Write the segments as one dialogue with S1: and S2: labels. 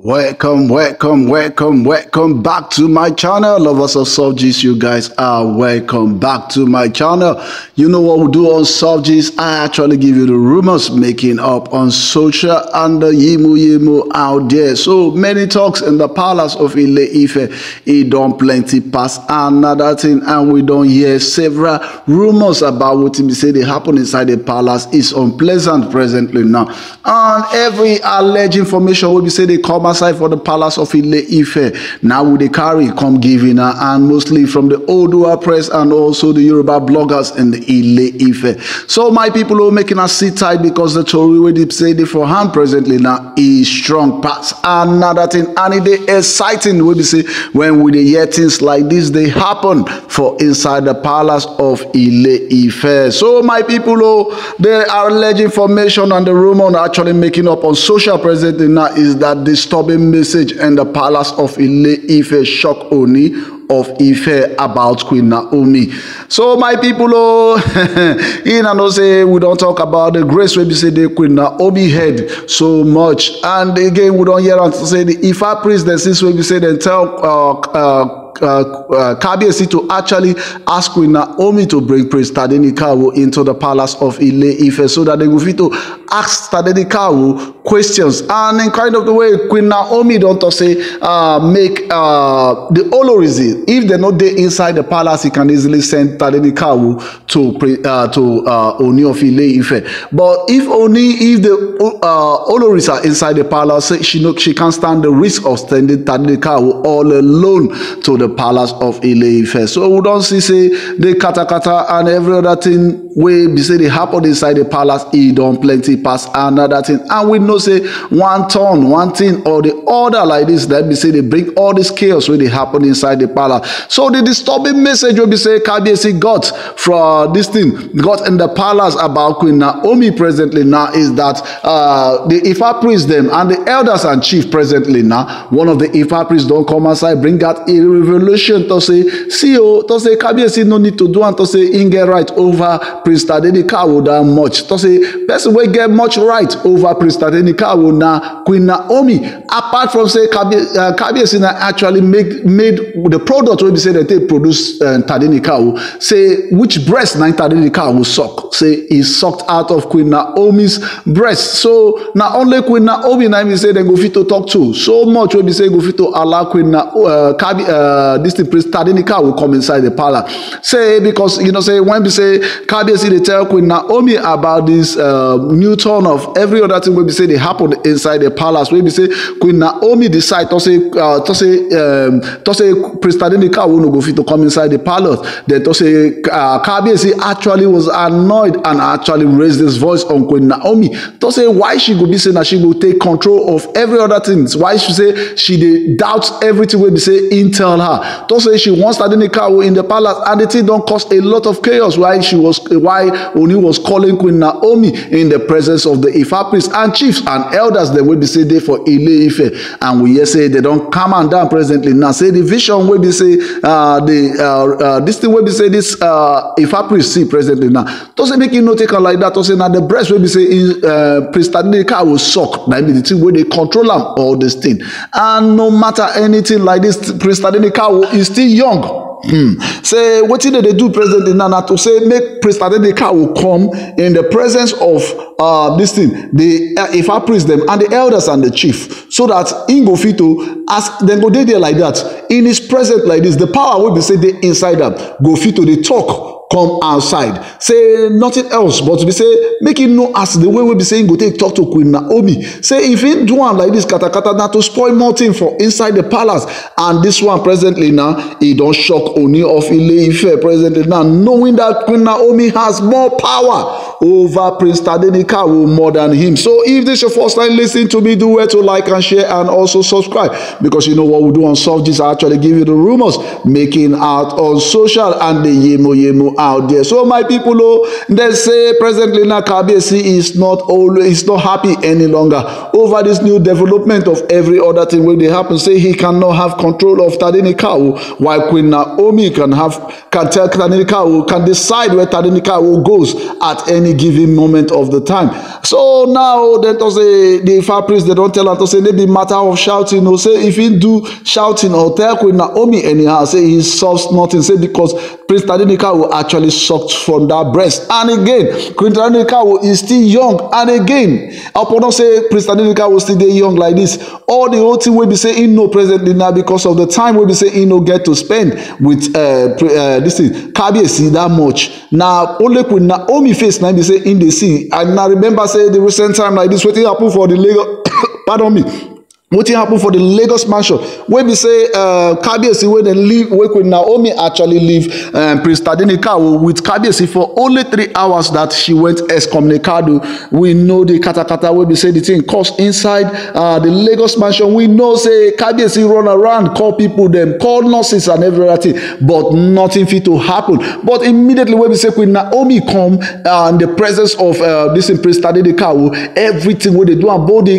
S1: Welcome, welcome, welcome, welcome back to my channel. Lovers of SoftGIS, you guys are welcome back to my channel. You know what we do on SoftGIS? I actually give you the rumors making up on social and the yimu yimu out there. So many talks in the palace of Ile Ife. don't plenty pass another thing and we don't hear several rumors about what they say they happen inside the palace is unpleasant presently now. And every alleged information will be say they come Amasai for the palace of Ile Ife. Now with the carry come giving her, uh, and mostly from the Odua press and also the Yoruba bloggers in the Ile Ife. So my people are oh, making us sit tight because the Tory we did say they for hand presently now is strong parts. Another thing and it is exciting we see when we hear things like this they happen for inside the palace of Ile Ife. So my people oh, they are alleged information and the rumor actually making up on social presently now is that this disturbing message in the palace of Ile Ife shock Oni of Ife about Queen Naomi. So my people, oh, in and say we don't talk about the grace we say the Queen Naomi head so much, and again we don't hear and say the Ifa priest the since we say then tell. Uh, uh, Uh, uh, Kabiesi to actually ask Queen Naomi to bring Prince Tadenikawo into the palace of Ile-Ife so that they go fit to ask Tadenikawo questions. And in kind of the way Queen Naomi don talk say uh, make the Olorizzi, if dem no dey inside the palace, he can easily send Tadenikawo to to Oni of Ile-Ife. But if Oni, if the Olorizzi are inside the palace, she no she can't stand the risk of sending Tadenikawo all alone to the the palace of ile So we don't see say the katakata and every other thing We, be say the happen inside the palace don't plenty pass another thing and we know say one turn one thing or the other like this that be say they bring all this chaos when they happen inside the palace so the disturbing message will be say kabiyesi got from this thing got in the palace about queen naomi presently now is that uh, the ifa priest them and the elders and chief presently now one of the ifa priests not come outside bring that irreverent revolution to say, see, oh, to say, Kabiyesi no need to do and to say, him get right over Prince Tadenika would that much. To say, person will get much right over Prince Tadenika would na Queen Naomi. Apart from say, Kabiyesi uh, na actually make, made the product wey be say dem take produce uh, Tadini cow say which breast na Tadini cow suck say e sucked out of Queen Naomi's breast so na only Queen Naomi na im be say dem go fit to talk to so much wey be say go fit to allow Queen na uh, Kabi, uh, Uh, this the priest Tadenika will come inside the palace. Say, because, you know, say, when we say, see they tell Queen Naomi about this uh, new turn of every other thing, when we say they happen inside the palace, when we say, Queen Naomi decide to say, uh, to say, um, to say, priest Tadinika will not go fit to come inside the palace. Then to say, uh, Kabiyesi actually was annoyed and actually raised his voice on Queen Naomi to say, why she go be saying that she go take control of every other things. Why she say she doubts everything when they say intel her. her. Thus she once had a in the palace and the thing don't cause a lot of chaos why she was why Oni was calling Queen Naomi in the presence of the Ifa priests and chiefs and elders they will be say they for Ile Ife and we hear say they don't come and down presently now say the vision will be say uh, the uh, uh, this thing will be say this uh, Ifa priest see presently now does it make you not take her like that or say now the breast will be say uh, priest Tadika will suck that means the thing where they control them all this thing and no matter anything like this priest Tadika kawo e still young hmm. say wetin dem dey do president now na to say make priest adeynikawo come in the presence of uh, this thing the uh, ifa priest dem and the elders and the chief so that im go fit to as dem go dey there like that in his presence like this the power wey be say dey inside am go fit to dey talk come outside say nothing else but to be say make him know as the way wey be say him go take talk to queen naomi say if him do am like this katakata na to spoil more thing for inside the palace and this one presently now e don shock oni of ile-ife presently now knowing that queen naomi has more power over prince tadenikawo more than him so if this your first time lis ten to me do well to like and share and also subscribe because you know what we do on soft gist i actually give you the rumors making out on social and the yemo yemo app out there. So my people, oh, they say President Lena Kabesi is not always is not happy any longer over this new development of every other thing when they happen. Say he cannot have control of Tadini Kawu while Queen Naomi can have can tell Tadini Kawu can decide where Tadini Kawu goes at any given moment of the time. So now they don't say the far priest they don't tell her to say maybe matter of shouting or say if he do shouting or tell Queen Naomi anyhow say he solves nothing say because Prince Tadenikawo actually sucked from that breast. And again, Queen Tadenikawo is still young. And again, Opono say Prince Tadenikawo still dey young like this. All the whole thing will be saying, no presently now because of the time will be saying, no get to spend with uh, uh, this thing Kabiyesi that much. now. only Queen Naomi face now be saying in the sea, And na remember say the recent time like this wetin happen for the Lagos pardon me wetin happen for the lagos mansion wey be say kabiyesi wey dem leave wey queen naomi actually leave um, prince tadini with kabiyesi for only three hours that she went excommunicado we know the katakata wey be say the thing. cause inside uh, the lagos mansion we know say kabiyesi run around call people, dem call nurses and every other tin but nothing fit to happen but immediately wey be say queen naomi come uh, in the presence of uh, this prince tadini everything wey dey do and both di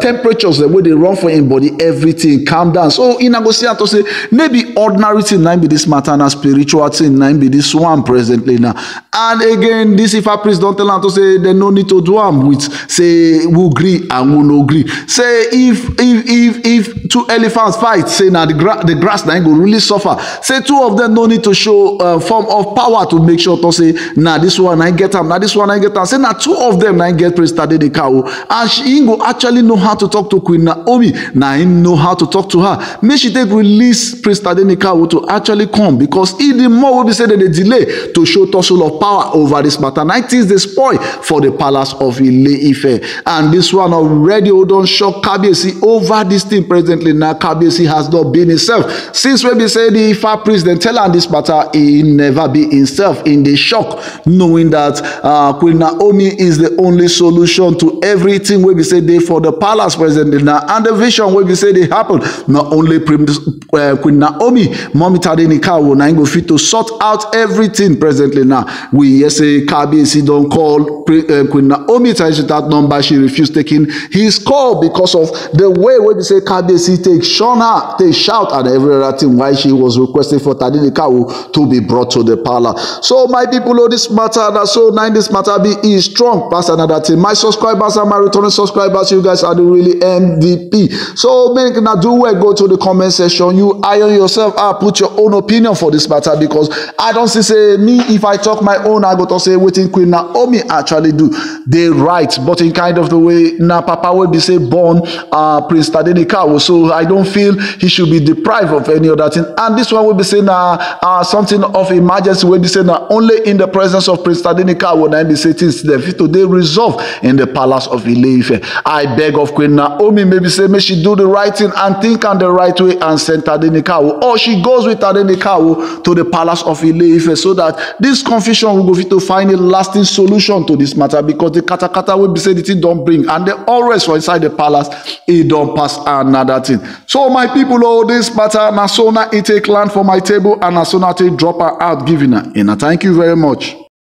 S1: temperatures dem wey dey run run for im body everything calm down so una go to say maybe ordinary thing nine be this matter na spiritual thing na be this one presently now and again this if I priest don tell am to say there no need to do am with say who gree and who no gree say if if if if two elephants fight say na the, gra the grass na go really suffer say two of them no need to show uh, form of power to make sure to say na this one na get am na this one na get am say na two of them na get praise tadedeka o and she go actually know how to talk to queen naomi. Naomi. Now him know how to talk to her. Make she take release Prince Tadenikawo to actually come because he the more will be said that they delay to show tussle of power over this matter. Now it is the spoil for the palace of Ile Ife. And this one already hold on shock Kabiyesi over this thing presently. Now Kabiyesi has not been himself. Since we be say the Ifa priest then tell am this matter, he never be himself in the shock knowing that uh, Queen Naomi is the only solution to everything we be say dey for the palace presently now. And the vision wey be say dey happen not only uh, queen naomi mummy tadini kawo na im go fit to sort out everything presently now we hear say kabiyesi don call uh, queen naomi taishin that number she refuse taking his call because of the way wey be say kabiyesi take shun her take shout and every other thing Why she was requesting for tadini kawo to be brought to the palace so my people know oh, this matter na so na this matter be e strong pass another thing my subscribers and my returning subscribers you guys are the really mvp E. So make now do well, go to the comment section. You iron yourself out, put your own opinion for this matter because I don't see say me if I talk my own, I go to say waiting Queen Naomi actually do. They right, but in kind of the way now Papa will be say born uh Prince Tadenikawa. So I don't feel he should be deprived of any other thing. And this one will be saying uh, uh something of emergency will be say now only in the presence of Prince Tadenikawa I be saying things today resolve in the palace of Ile I beg of Queen Naomi maybe say May she do the right thing and think on the right way and send Tadenikawo. Or she goes with Tadenikawo to the palace of ile so that this confusion will go fit to find a lasting solution to this matter because the katakata wey be say the thing bring and the always for inside the palace it e don't pass another thing. So my people oh this matter Nasona it e take land for my table and Nasona take drop her out give una. Una thank you very much.